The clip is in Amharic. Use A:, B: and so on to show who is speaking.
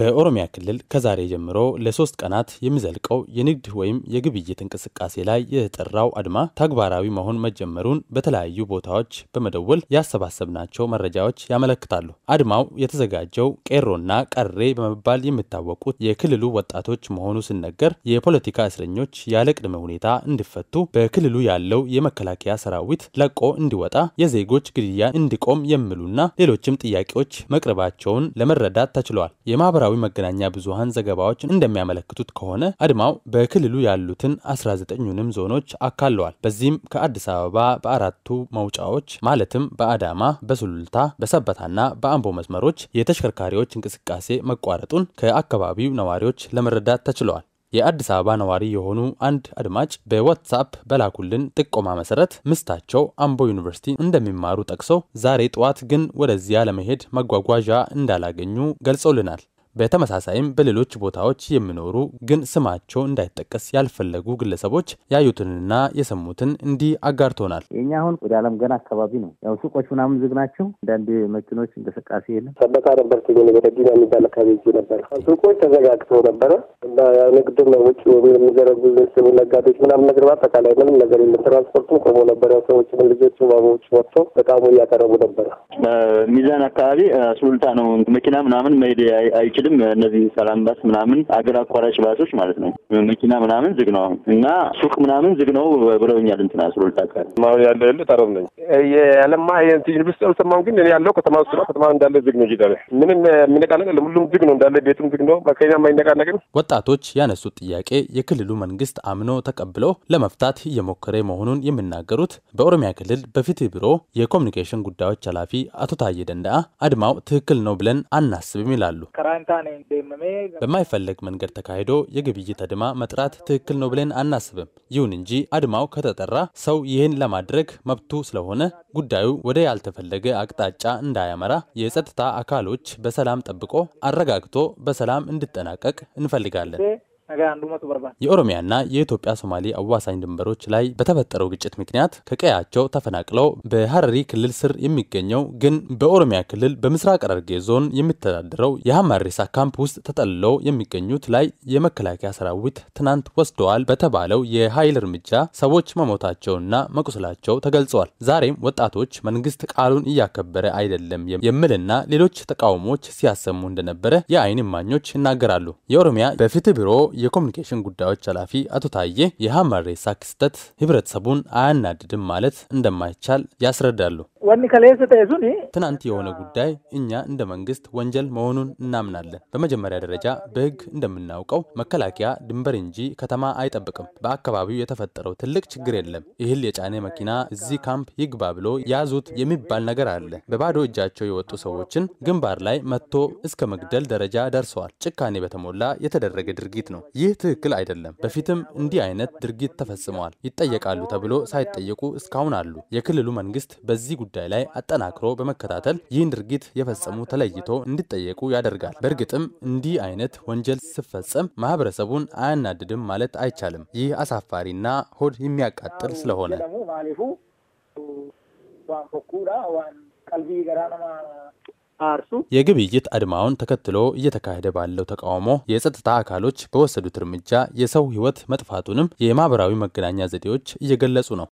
A: በኦሮሚያ ክልል ከዛሬ ጀምሮ ለሶስት ቀናት የሚዘልቀው የንግድ ወይም የግብይት እንቅስቃሴ ላይ የተጠራው አድማ ተግባራዊ መሆን መጀመሩን በተለያዩ ቦታዎች በመደወል ያሰባሰብናቸው መረጃዎች ያመለክታሉ። አድማው የተዘጋጀው ቄሮና ቀሬ በመባል የሚታወቁት የክልሉ ወጣቶች መሆኑ ሲነገር የፖለቲካ እስረኞች ያለ ቅድመ ሁኔታ እንዲፈቱ፣ በክልሉ ያለው የመከላከያ ሰራዊት ለቆ እንዲወጣ፣ የዜጎች ግድያ እንዲቆም የሚሉና ሌሎችም ጥያቄዎች መቅረባቸውን ለመረዳት ተችሏል። ማህበራዊ መገናኛ ብዙሀን ዘገባዎች እንደሚያመለክቱት ከሆነ አድማው በክልሉ ያሉትን 19ኙንም ዞኖች አካለዋል። በዚህም ከአዲስ አበባ በአራቱ መውጫዎች ማለትም በአዳማ፣ በሱሉልታ፣ በሰበታና በአምቦ መስመሮች የተሽከርካሪዎች እንቅስቃሴ መቋረጡን ከአካባቢው ነዋሪዎች ለመረዳት ተችለዋል። የአዲስ አበባ ነዋሪ የሆኑ አንድ አድማጭ በዋትሳፕ በላኩልን ጥቆማ መሰረት ምስታቸው አምቦ ዩኒቨርሲቲ እንደሚማሩ ጠቅሰው ዛሬ ጠዋት ግን ወደዚያ ለመሄድ መጓጓዣ እንዳላገኙ ገልጸውልናል። በተመሳሳይም በሌሎች ቦታዎች የሚኖሩ ግን ስማቸው እንዳይጠቀስ ያልፈለጉ ግለሰቦች ያዩትንና የሰሙትን እንዲህ አጋርቶናል። የኛ አሁን ወደ አለም ገና አካባቢ ነው። ያው ሱቆች ምናምን ዝግ ናቸው። አንዳንድ መኪኖች እንቅስቃሴ የለም። ሰበታ ነበር ሲሆን በደጊና የሚባል አካባቢ ነበር። ሱቆች ተዘጋግተው ነበረ እና ንግድ ነው ውጭ የሚዘረጉ ስሙ ነጋዴዎች ምናምን ነገር በአጠቃላይ ምንም ነገር የለም። ትራንስፖርቱም ቆሞ ነበር። ያው ሰዎችም ልጆች ባቦች ወጥቶ በጣም እያቀረቡ ነበረ። ሚዛን አካባቢ ሱልታ ነው መኪና ምናምን መሄድ አይችል አንችልም። እነዚህ ሰላም ባስ ምናምን አገር አቋራጭ ባሶች ማለት ነው መኪና ምናምን ዝግ ነው እና ሱቅ ምናምን ዝግ ነው ብለውኛል። እንትና ስሮልታ አካል አሁን ያለ ያለ ጠረም ነኝ የለማ ልብስ አልሰማሁም፣ ግን እኔ ያለው ከተማ ውስጥ ነው። ከተማ እንዳለ ዝግ ነው። ጌዳ ምንም የሚነቃነቅ ሁሉም ዝግ ነው እንዳለ ቤቱም ዝግ ነው። መኪና የማይነቃነቅም። ወጣቶች ያነሱት ጥያቄ የክልሉ መንግስት አምኖ ተቀብለው ለመፍታት እየሞከረ መሆኑን የሚናገሩት በኦሮሚያ ክልል በፍትህ ቢሮ የኮሚኒኬሽን ጉዳዮች ኃላፊ አቶ ታዬ ደንዳአ አድማው ትክክል ነው ብለን አናስብም ይላሉ። ከራንታ በማይፈለግ መንገድ ተካሂዶ የግብይት አድማ መጥራት ትክክል ነው ብለን አናስብም። ይሁን እንጂ አድማው ከተጠራ ሰው ይህን ለማድረግ መብቱ ስለሆነ ጉዳዩ ወደ ያልተፈለገ አቅጣጫ እንዳያመራ የጸጥታ አካሎች በሰላም ጠብቆ አረጋግቶ በሰላም እንዲጠናቀቅ እንፈልጋለን። የኦሮሚያና የኢትዮጵያ ሶማሌ አዋሳኝ ድንበሮች ላይ በተፈጠረው ግጭት ምክንያት ከቀያቸው ተፈናቅለው በሀረሪ ክልል ስር የሚገኘው ግን በኦሮሚያ ክልል በምስራቅ ሐረርጌ ዞን የሚተዳደረው የሀማሬሳ ካምፕ ውስጥ ተጠልለው የሚገኙት ላይ የመከላከያ ሰራዊት ትናንት ወስደዋል በተባለው የኃይል እርምጃ ሰዎች መሞታቸውና መቁሰላቸው ተገልጸዋል። ዛሬም ወጣቶች መንግስት ቃሉን እያከበረ አይደለም የሚልና ሌሎች ተቃውሞዎች ሲያሰሙ እንደነበረ የአይን እማኞች ይናገራሉ። የኦሮሚያ በፍትህ ቢሮ የኮሚኒኬሽን ጉዳዮች ኃላፊ አቶ ታዬ የሀመሬሳ ክስተት ህብረተሰቡን አያናድድም ማለት እንደማይቻል ያስረዳሉ። ወኒ ከሌስ ተይዙኒ ትናንት የሆነ ጉዳይ እኛ እንደ መንግስት ወንጀል መሆኑን እናምናለን። በመጀመሪያ ደረጃ በህግ እንደምናውቀው መከላከያ ድንበር እንጂ ከተማ አይጠብቅም። በአካባቢው የተፈጠረው ትልቅ ችግር የለም። እህል የጫነ መኪና እዚህ ካምፕ ይግባ ብሎ ያዙት የሚባል ነገር አለ። በባዶ እጃቸው የወጡ ሰዎችን ግንባር ላይ መጥቶ እስከ መግደል ደረጃ ደርሰዋል። ጭካኔ በተሞላ የተደረገ ድርጊት ነው። ይህ ትክክል አይደለም። በፊትም እንዲህ አይነት ድርጊት ተፈጽመዋል። ይጠየቃሉ ተብሎ ሳይጠየቁ እስካሁን አሉ። የክልሉ መንግስት በዚህ ጉዳይ ጉዳይ ላይ አጠናክሮ በመከታተል ይህን ድርጊት የፈጸሙ ተለይቶ እንዲጠየቁ ያደርጋል። በእርግጥም እንዲህ አይነት ወንጀል ሲፈጸም ማህበረሰቡን አያናድድም ማለት አይቻልም። ይህ አሳፋሪና ሆድ የሚያቃጥል ስለሆነ የግብይት አድማውን ተከትሎ እየተካሄደ ባለው ተቃውሞ የጸጥታ አካሎች በወሰዱት እርምጃ የሰው ሕይወት መጥፋቱንም የማህበራዊ መገናኛ ዘዴዎች እየገለጹ ነው።